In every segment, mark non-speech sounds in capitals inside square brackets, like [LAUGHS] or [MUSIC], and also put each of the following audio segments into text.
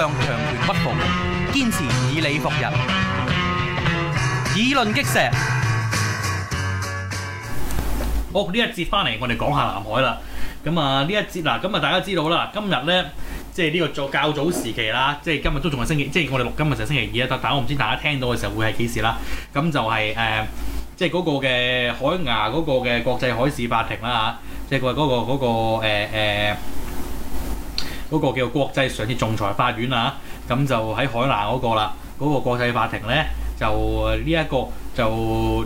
向強權屈服，堅持以理服人，議論擊石。好，呢一節翻嚟，我哋講下南海啦。咁啊，呢一節啦，咁啊，大家知道啦。今日咧，即係呢個早較早時期啦，即係今日都仲係星期，即係我哋錄今日就係星期二啦。但係我唔知大家聽到嘅時候會係幾時啦。咁就係，誒，即係嗰個嘅海牙嗰個嘅國際海事法庭啦，吓，即係佢話嗰個嗰個誒誒。呃呃嗰個叫做國際上次仲裁法院啊，咁就喺海南嗰個啦，嗰、那個國際法庭咧就呢一、這個就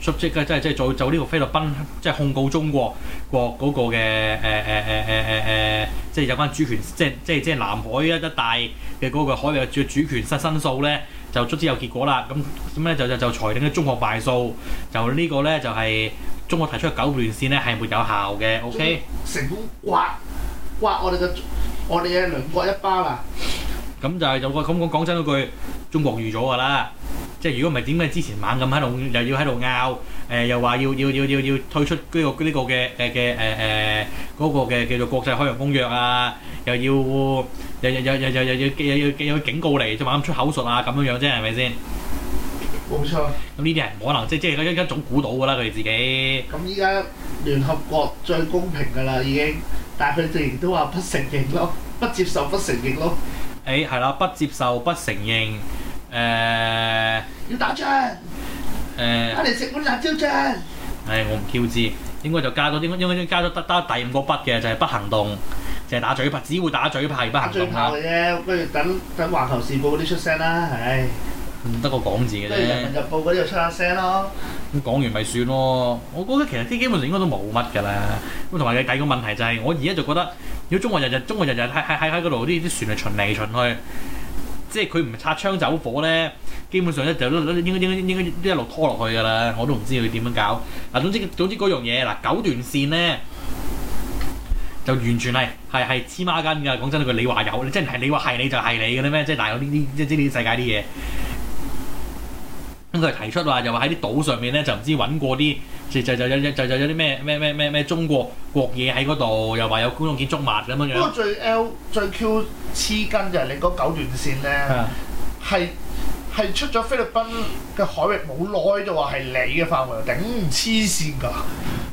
出咗即係即係就就呢個菲律賓即係控告中國國嗰、那個嘅誒誒誒誒誒即係有關主權，即係即係即係南海一帶嘅嗰個海域嘅主權失身訴咧，就卒之有結果啦。咁咁咧就就就裁定咗中國敗訴，就、這個、呢個咧就係、是、中國提出嘅九段線咧係沒有效嘅。OK，成功刮刮我哋嘅。我哋嘅兩國一包啦，咁就係就個咁講講真嗰句，中國預咗噶啦，即係如果唔係點解之前猛咁喺度又要喺度拗？誒又話要要要要要推出呢個呢個嘅誒嘅誒誒嗰個嘅叫做國際海洋公約啊，又要又又又又又又又又又警告你，即係猛咁出口術啊咁樣樣啫，係咪先？冇錯。咁呢啲係可能即即係一一種估到噶啦，佢哋自己。咁依家聯合國最公平噶啦，已經。但佢哋都話不承認咯，不接受不承認咯。誒、哎，係啦，不接受不承認，誒、呃、要打仗，誒、呃，阿李錫我唔嬌張。係、哎，我唔嬌傲，應該就加咗，應該應該應該加咗得得第五個筆嘅就係、是、不行動，就係、是、打嘴炮，只會打嘴炮，不行動。打嘴炮嘅啫，不如等等環球時報啲出聲啦，唉、哎。唔得個講字嘅啫，《日報》嗰度出下聲咯。咁講完咪算咯。我覺得其實啲基本上應該都冇乜噶啦。咁同埋佢第二個問題就係、是，我而家就覺得，如果中國日日、中國日日喺喺喺嗰度啲啲船係巡嚟巡去，即係佢唔擦槍走火咧，基本上咧就就應該應該應該都一路拖落去噶啦。我都唔知佢點樣搞嗱。總之總之嗰樣嘢嗱九段線咧，就完全係係係黐孖筋噶。講真啦，佢你話有，真係你話係你就係你嘅啦咩？即係大有呢啲即呢啲世界啲嘢。咁佢係提出話，又話喺啲島上面咧，就唔知揾過啲就就就就就就有啲咩咩咩咩咩中國國嘢喺嗰度，又話有公用建築物咁樣。不過最 L 最 Q 黐筋就係你嗰九段線咧，係係係啊，出咗菲律賓嘅海域冇耐就話係你嘅範圍，頂黐線㗎，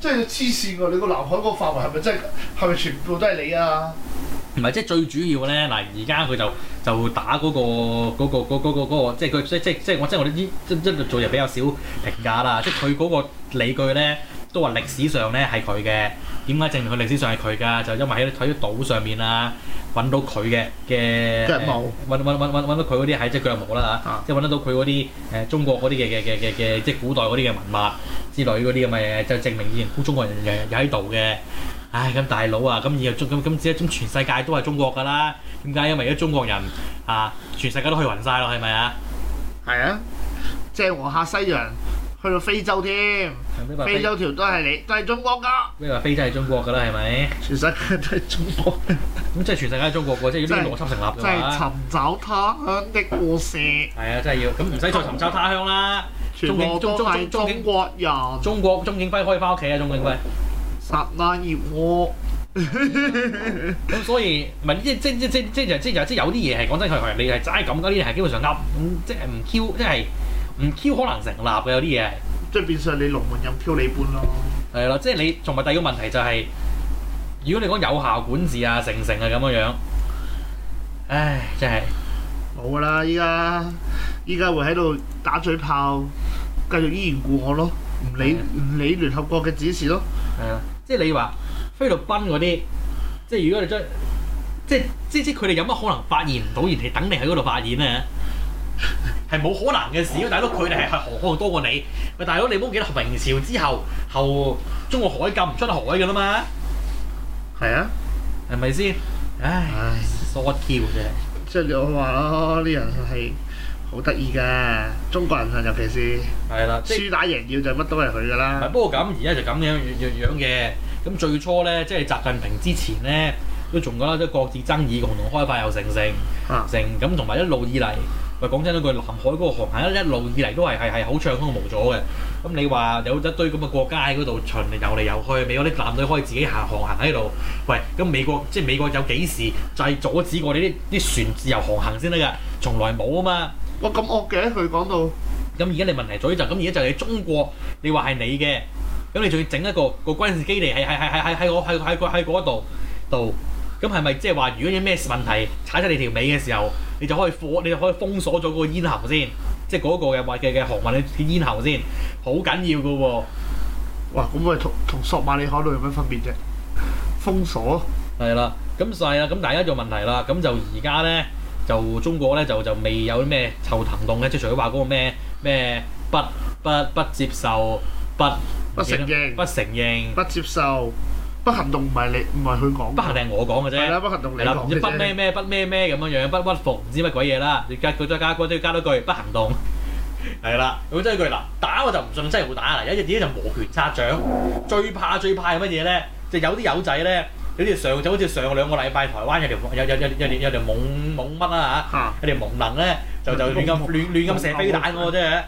真係黐線㗎！你個南海個範圍係咪真係係咪全部都係你啊？唔係，即係最主要咧，嗱而家佢就就打嗰個嗰個嗰嗰個嗰個，即係佢即即即我即係我啲一一路做又比較少評價啦，即係佢嗰個理據咧都話歷史上咧係佢嘅，點解證明佢歷史上係佢㗎？就因為喺喺啲島上面啊揾到佢嘅嘅，腳毛，揾到佢嗰啲係即係佢嘅墓啦即係揾得到佢嗰啲誒中國嗰啲嘅嘅嘅嘅嘅即係古代嗰啲嘅文物之類嗰啲咁嘅嘢，就證明以前古中國人有有喺度嘅。唉，咁大佬啊，咁而後咁咁即係全世界都係中國噶啦，點解？因為而家中國人啊，全世界都可以勻曬咯，係咪啊？係啊，即係和下西洋去到非洲添，非洲條都係你，都係中國噶。咩話非洲係中國噶啦？係咪？係係全世界都係中國人。咁即係全世界都係中國喎，即、就、係、是、要啲邏輯成立㗎嘛？即係、就係就係、尋找他鄉的故事。係啊，真係要咁唔使再尋找他鄉啦。全部都係中國人中，中，中，中，中，中，中國鍾景輝可以返屋企啊，鍾景輝。拆冷熱鍋咁，惡 [LAUGHS] 所以咪即即即即即即有啲嘢係講真，佢佢你係齋咁噶啲嘢係基本上噏，即係唔 Q，即係唔 Q 可能成立嘅有啲嘢即係變相你龍門任 Q 你搬咯，係咯，即係你仲咪第二個問題就係、是、如果你講有效管治啊，成成啊咁樣樣，唉，真係冇噶啦！依家依家會喺度打嘴炮，繼續依然顧我咯，唔理唔了理聯合國嘅指示咯，係啊。即係你話菲律賓嗰啲，即係如果你將即係即即佢哋有乜可能發現唔到，而係等你喺嗰度發現啊，係 [LAUGHS] 冇可能嘅事。大佬佢哋係何可多過你？喂，大佬你唔記得明朝之後，後中國海禁唔出海噶啦嘛，係啊，係咪先？唉，so what，即係我話咯，啲人係。好得意嘅中國人啊，尤其是係啦，輸打贏要就乜都係佢噶啦。不過咁，而家就咁樣樣嘅咁最初咧，即係習近平之前咧都仲覺得即係各自爭議，共同開發又成成、啊、成咁，同埋一路以嚟喂，講真嗰句，南海嗰個航行一路以嚟都係係係好暢通無阻嘅。咁你話有一堆咁嘅國家喺嗰度巡遊嚟遊去，美國啲艦隊可以自己行航行喺度喂，咁美國即係、就是、美國有幾時就係阻止過你啲啲船自由航行先得㗎？從來冇啊嘛！哇！咁惡嘅佢講到，咁而家你問題在於就咁，而家就係中國。你話係你嘅，咁你仲要整一個個軍事基地喺喺喺喺喺喺我喺喺個喺嗰度度。咁係咪即係話，如果有咩問題踩出你條尾嘅時候，你就可以封，你就可以封鎖咗嗰個咽喉先，即係嗰個嘅或嘅嘅航運嘅咽喉先，好緊要㗎喎。哇！咁咪同同索馬利亞度有咩分別啫？封鎖係啦，咁曬啦，咁大家就問題啦，咁就而家咧。就中國咧就就未有咩臭行動嘅，即係除咗話嗰個咩咩不不不接受不不承認不承認，不，承認不接受不行動，唔係你唔係佢講，不行動係我講嘅啫。係啦麼，不行動。係啦，你不咩咩不咩咩咁樣樣，不屈服唔知乜鬼嘢啦。你加佢再加嗰啲加多句不行動，係啦。咁真係句嗱打我就唔信真係會打啦，有隻自己就磨拳擦掌。最怕最怕係乜嘢咧？就有啲友仔咧。佢哋上就好似上兩個禮拜，台灣有條有有有有條、啊啊、有條蒙蒙乜啊吓，有一條蒙能咧就就亂咁亂亂咁射飛彈喎、啊、真係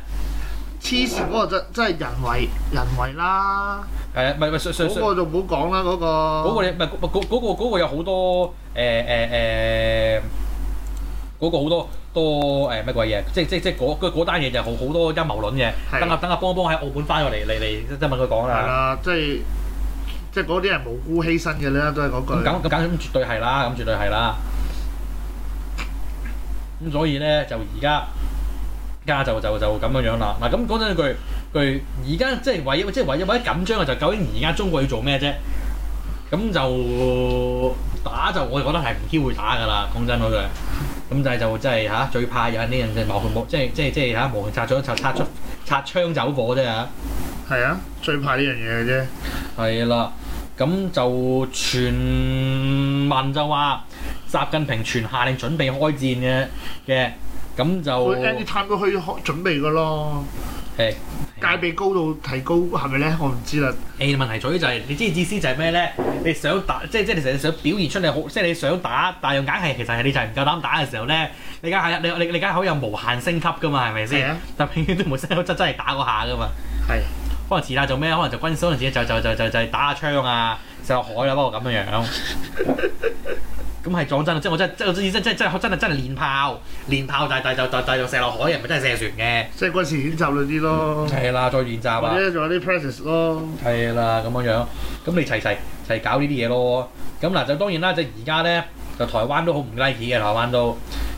黐線，嗰個真真係人為人為啦！誒咪咪上上嗰個就唔好講啦，嗰個嗰、嗰個咪嗰、嗰個嗰個、有好多誒誒誒嗰個好多多誒乜鬼嘢？即即即嗰嗰嗰單嘢就好好多陰謀論嘅。的等下等下幫幫喺澳門翻咗嚟嚟嚟即問佢講啦。係啦，即係即係嗰啲人無辜犧牲嘅咧，都係嗰句。咁咁咁，絕對係啦，咁絕對係啦。咁、嗯、所以咧，就而家，家就就就咁樣樣啦。嗱、啊，咁講真一句句，而家即係唯一，即係唯一，唯一緊張嘅就究竟而家中國要做咩啫？咁就打就我哋覺得係唔機會打㗎啦。講真嗰句。咁但係就真係吓，最怕有呢樣嘢，冇冇即係即係即係吓，無緣擦咗擦擦出擦槍走火啫嚇。係啊，最怕呢樣嘢嘅啫。係啦。咁就傳聞就話，習近平全下令準備開戰嘅嘅，咁就佢啲參都去準備噶咯。係戒備高度提高係咪咧？我唔知啦。誒、哎、問題在於就係、是，你知意思就係咩咧？你想打，即係即係其實你想表現出你好，即、就、係、是、你想打，但用硬係其實係你就係唔夠膽打嘅時候咧，你梗係你你你係有無限升級噶嘛？係咪先？啊、但永遠都冇真真係打嗰下噶嘛？係。可能時啦做咩？可能就軍事嗰陣時就就就就就，就打下槍啊，射落海啊、 [LAUGHS] 就是就是，不過咁樣樣咁係講真，即係我真真真真真真係真係練炮，練炮就就就就就射落海又咪真係射船嘅，即係軍事演習嗰啲咯，係啦、嗯，再演習啊，或者仲有啲 press 咯，係啦，咁樣樣咁你齊齊齊搞呢啲嘢咯。咁嗱就當然啦，就而家咧，就台灣都好唔 like 嘅，台灣都。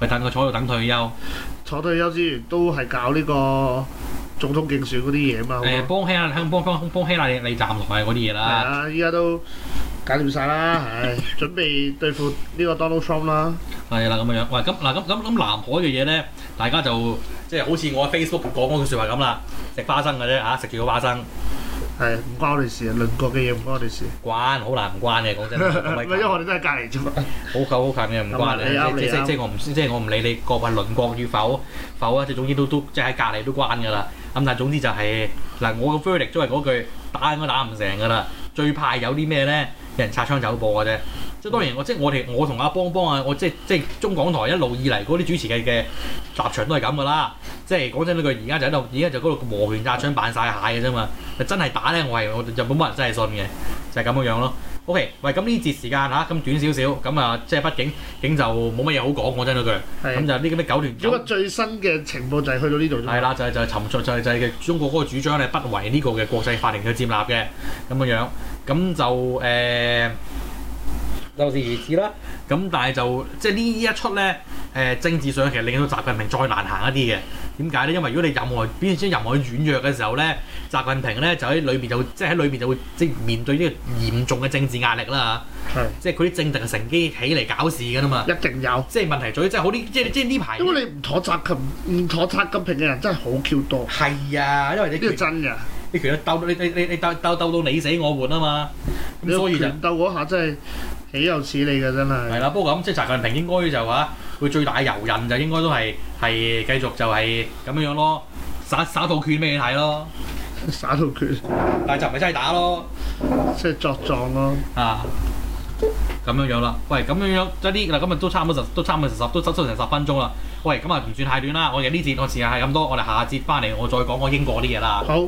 佢等佢坐喺度等退休，坐退休先，都係搞呢個總統競選嗰啲嘢嘛。誒，幫希、欸、啊，香幫幫希，你你站落嚟嗰啲嘢啦。係啊，依家都搞掂晒啦，唉， [LAUGHS] 準備對付呢個 Donald Trump 啦。係啦、啊，咁嘅樣，喂，咁嗱，咁咁咁南海嘅嘢咧，大家就即係、就是、好似我喺 Facebook 講嗰句説話咁啦，食花生嘅啫嚇，食住個花生。係唔關我哋事啊，鄰國嘅嘢唔關我哋事。關好難唔關嘅，講真的。唔係 [LAUGHS] 因為我哋都係隔籬啫嘛。好近好近嘅唔關。即即係我唔即係我唔理你個話鄰國與否 [LAUGHS] 否啊！即係總之都都即係喺隔籬都關㗎啦。咁但係總之就係、是、嗱，我嘅 verdict 都係嗰句，打都打唔成㗎啦。最怕有啲咩咧，有人擦槍走火嘅啫。即係當然我即係我哋我同阿邦邦啊，我即係即係中港台一路以嚟嗰啲主持嘅嘅立場都係咁㗎啦。即係講真嗰句，現在在現在在而家就喺度，而家就嗰度磨拳架槍扮晒蟹嘅啫嘛。真係打咧，我係我日本冇人真係信嘅，就係咁樣樣咯。O、okay, K，喂，咁呢節時間吓，咁、啊、短少少，咁啊，即係畢竟竟就冇乜嘢好講。講真嗰句，咁就呢咁咩九段。咁啊，最新嘅情報就係去到呢度。係啦，就是、就尋、是、找就是、就係、是、中國嗰個主張咧，不為呢個嘅國際法庭去佔立嘅咁樣樣咁就誒，就是如此啦。咁但係就即係呢一出咧，誒，政治上其實令到習近平再難行一啲嘅。點解咧？因為如果你任何，即係任何軟弱嘅時候咧，習近平咧就喺裏邊就即係喺裏邊就會即係、就是、面，面對呢個嚴重嘅政治壓力啦嚇。是即係佢啲政敵嘅乘機起嚟搞事㗎啦嘛。一定有。即係問題在於，即係好啲，即係即係呢排。如果你唔妥佢唔妥習近平嘅人真係好 Q 多。係啊，因為你。呢真㗎。你其實鬥你你你你鬥到你死我活啊嘛。所以就你拳鬥嗰下真係豈有此理㗎真係。係啦、啊，不過咁即係習近平應該就話佢最大嘅遊刃就應該都係。係繼續就係咁樣樣咯，耍耍套拳俾你睇咯。耍套拳，但係就唔係真係打咯，即係作狀咯。啊，咁、啊、樣樣啦。喂，咁樣樣即係啲嗱，今日都差唔多，多十，都差唔多十十都收收成十分鐘啦。喂，咁啊唔算太短啦。我哋呢節個時間係咁多，我哋下節翻嚟我再講講英國啲嘢啦。好。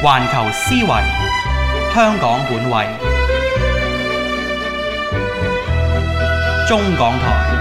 環球思維，香港本位。中港台。